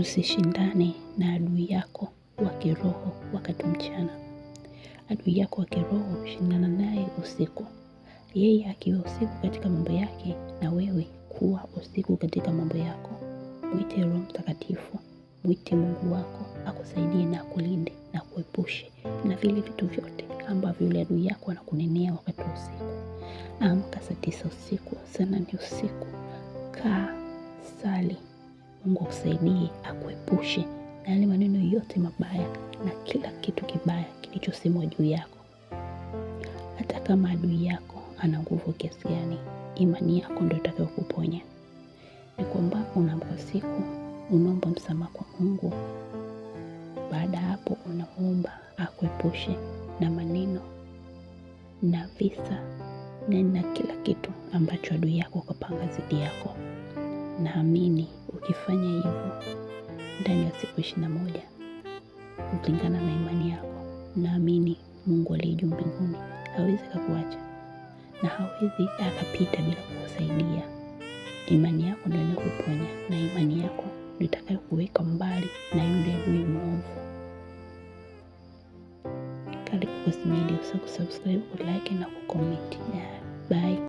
Usishindane na adui yako wa kiroho wakati mchana. Adui yako wa kiroho shindana naye usiku, yeye akiwa usiku katika mambo yake, na wewe kuwa usiku katika mambo yako. Mwite Roho Mtakatifu, mwite Mungu wako akusaidie na akulinde na kuepushe na vile vitu vyote ambavyo yule adui yako anakunenea wakati wa usiku. Amka saa tisa usiku, sana ni usiku, kaa sali. Mungu akusaidie, akuepushe na yale maneno yote mabaya na kila kitu kibaya kilichosemwa juu yako. Hata kama adui yako ana nguvu kiasi gani, imani yako ndio itakayokuponya. Ni kwamba unaomba siku unaomba msamaha kwa Mungu. Baada ya hapo, unaomba akuepushe na maneno na visa na na kila kitu ambacho adui yako kapanga zidi yako. Naamini Ukifanya hivyo ndani ya siku ishirini na moja kulingana na imani yako, naamini Mungu aliyejuu mbinguni hawezi akakuacha na hawezi akapita bila kukusaidia. Imani yako ndio inakuponya na imani yako ndio itakayokuweka mbali na yule adui mwovu. Karibu Cossy Media, kusubscribe, kulike na kukomenti. Bye.